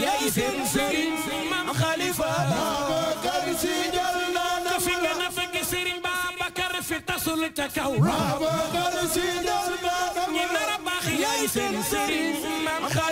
yaay seen sëriñ maam xalifa Babacar Si jël na fi nga na fekk sëriñ Babacar fi tasul ca na ñi nar a baax yaay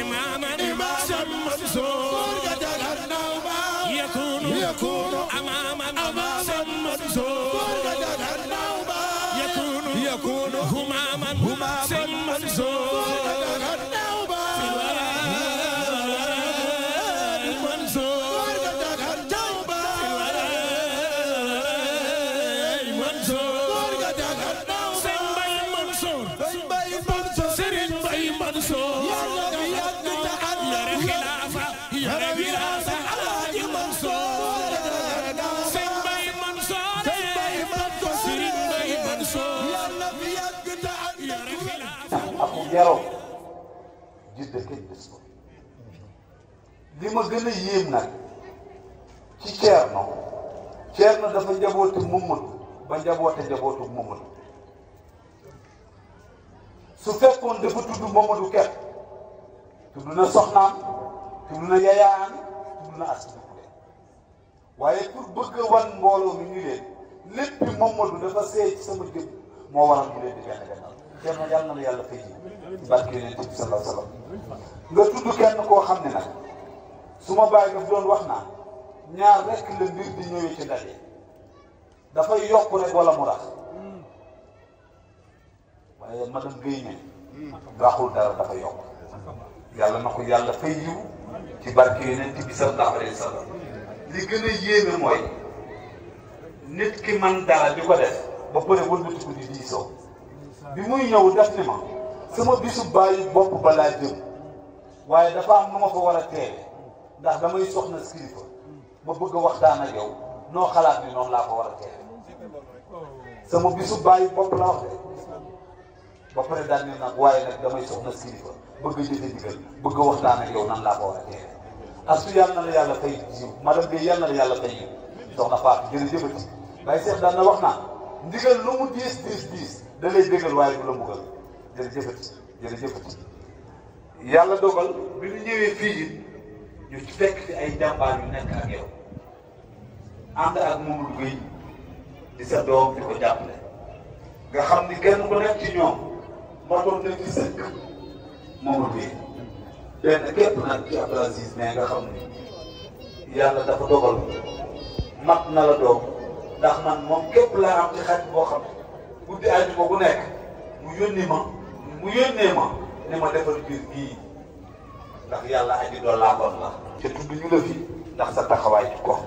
إماما شمس سور قد يكون يكون keroog gis de kenn gis li ma gën a yéem nag ci Ceerno Ceerno dafa njabootu Mamadou ba njaboote njabootu Mamadou su fekkoon dafa tudd Mamadou kepp tudd na soxnaam tudd na yayaam tudd na as waaye pour bëgg a wan mbooloo mi ñu leen lépp Mamadou dafa seey sama jëm moo waral mu leen di gànn gànnaaw kenn yal na la yàlla fay ji barke leen tib sala sallam nga tudd kenn koo xam ne nag su ma bàyyi daf doon wax naa ñaar rek la mbir di ñëwee ci ndaje dafay yokk rek wala mu rax waaye madame Guèye ne baaxul dara dafa yokk yàlla na ko yàlla fay yiw ci barke yonent bi sallallahu alayhi wa sallam li gën a yéeme mooy nit ki man dara di ko def ba pare wëlbatiku di diisoo bi muy ñëw def ni ma sama bisu bàyyi bopp balaa jëm waaye dafa am nu ma fa war a teewe ndax damay soxna kilifa ma bëgg a waxtaan ak yow noo xalaat ni noonu laa ko war a sama bisu bàyyi bopp la wax de ba pare daal ne nag waaye nag damay soxna bëgg wax jëfe ndigal a waxtaan yow nan laa ko war a teewe astu yàlla na la yàlla fay jiw madame Guèye na la yàlla fay jiw soxna Fatou jërëjëfati Baye Cheikh daan na wax naa ndigal lu mu diis diis diis da lay bégal waaye du mbugal jërëjëfati jërëjëfati yàlla dogal bi ñu ñëwee fii it ñu ay jàmbaar yu nekk ak yow ànd ak Mamadou Gueye di sa doom di ko jàppale nga xam ni kenn ku nekk ci ñoom matoon na ci sëkk Mamadou Gueye benn képp nag ci Abdou Aziz mais nga ni yàlla dafa dogal mat na la doom ndax man moom képp laa am ci xaj boo xam guddi àjjuma bu nekk mu yónni ma mu yónnee ma ne ma defal biir gii ndax yàlla aji doon laa kon la te tudd ñu la fi ndax sa taxawaay ci da lu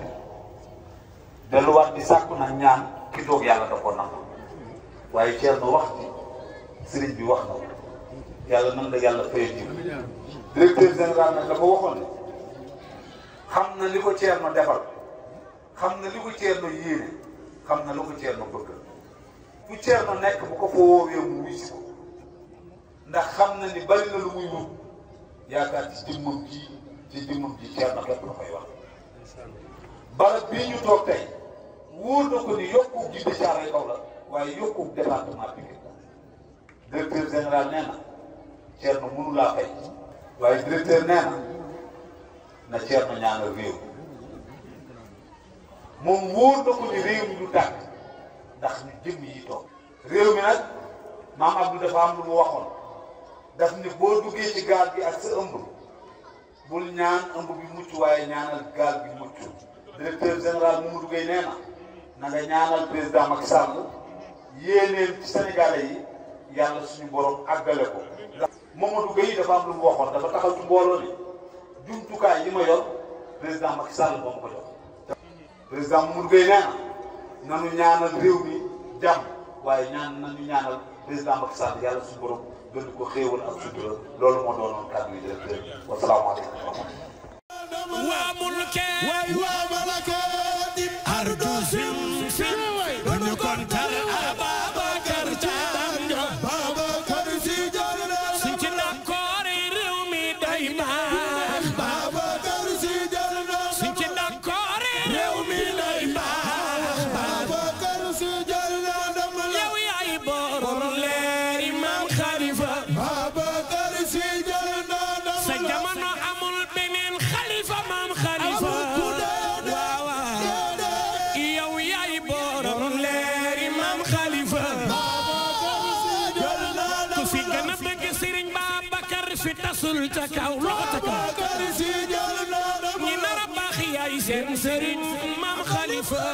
delluwaat di sàkku nag ñaan ki doog yàlla na ko nangu waaye ceer na wax ci bi wax na yàlla nan la yàlla fayal jiw directeur général nag dafa waxoon ne xam na li ko ceer na defal xam na li ko ceer na yéene xam na li ko ceer na bëgg bu Thierno nekk bu ko fa woowee mu wis ko ndax xam na ni bari na lu muy wut yaakaar ci jëmmam ji ci jëmmam ji Thierno rek la koy wax. barab bii ñu toog tey wóor na ko ni yokku gi décharé kaw la waaye yokku département bi directeur général nee na Thierno mënu laa waaye directeur nee na na Thierno ñaanal réew moom wóor na ko ni réew ndax ñu jëmm yi toog réew mi nag maam Abdou dafa am lu mu waxoon daf ni boo duggee ci gaal gi ak sa ëmb bul ñaan ëmb bi mucc waaye ñaanal gaal bi mucc directeur général Mamadou Gueye nee na nga ñaanal président Macky Sall yéeneen ci suñu borom àggale ko. Mamadou Gueye dafa am lu mu waxoon dafa taxaw ci mbooloo ni jumtukaay yi ma yor président Macky Sall ma ko jox nanu ñaanal réew mi jàmm waaye ñaan nañu ñaanal président Macky Sall yàlla suñu borom gën ko xéewal ak sutura loolu moo doonoon kàddu yi directeur wasalaamaaleykum wa rahmatulah. ku fi gën a bëgg Sëriñ Babacar fi tasul ca kaw loxo ca kaw ñi nar a baax yaay seen sëriñ maam Xalifa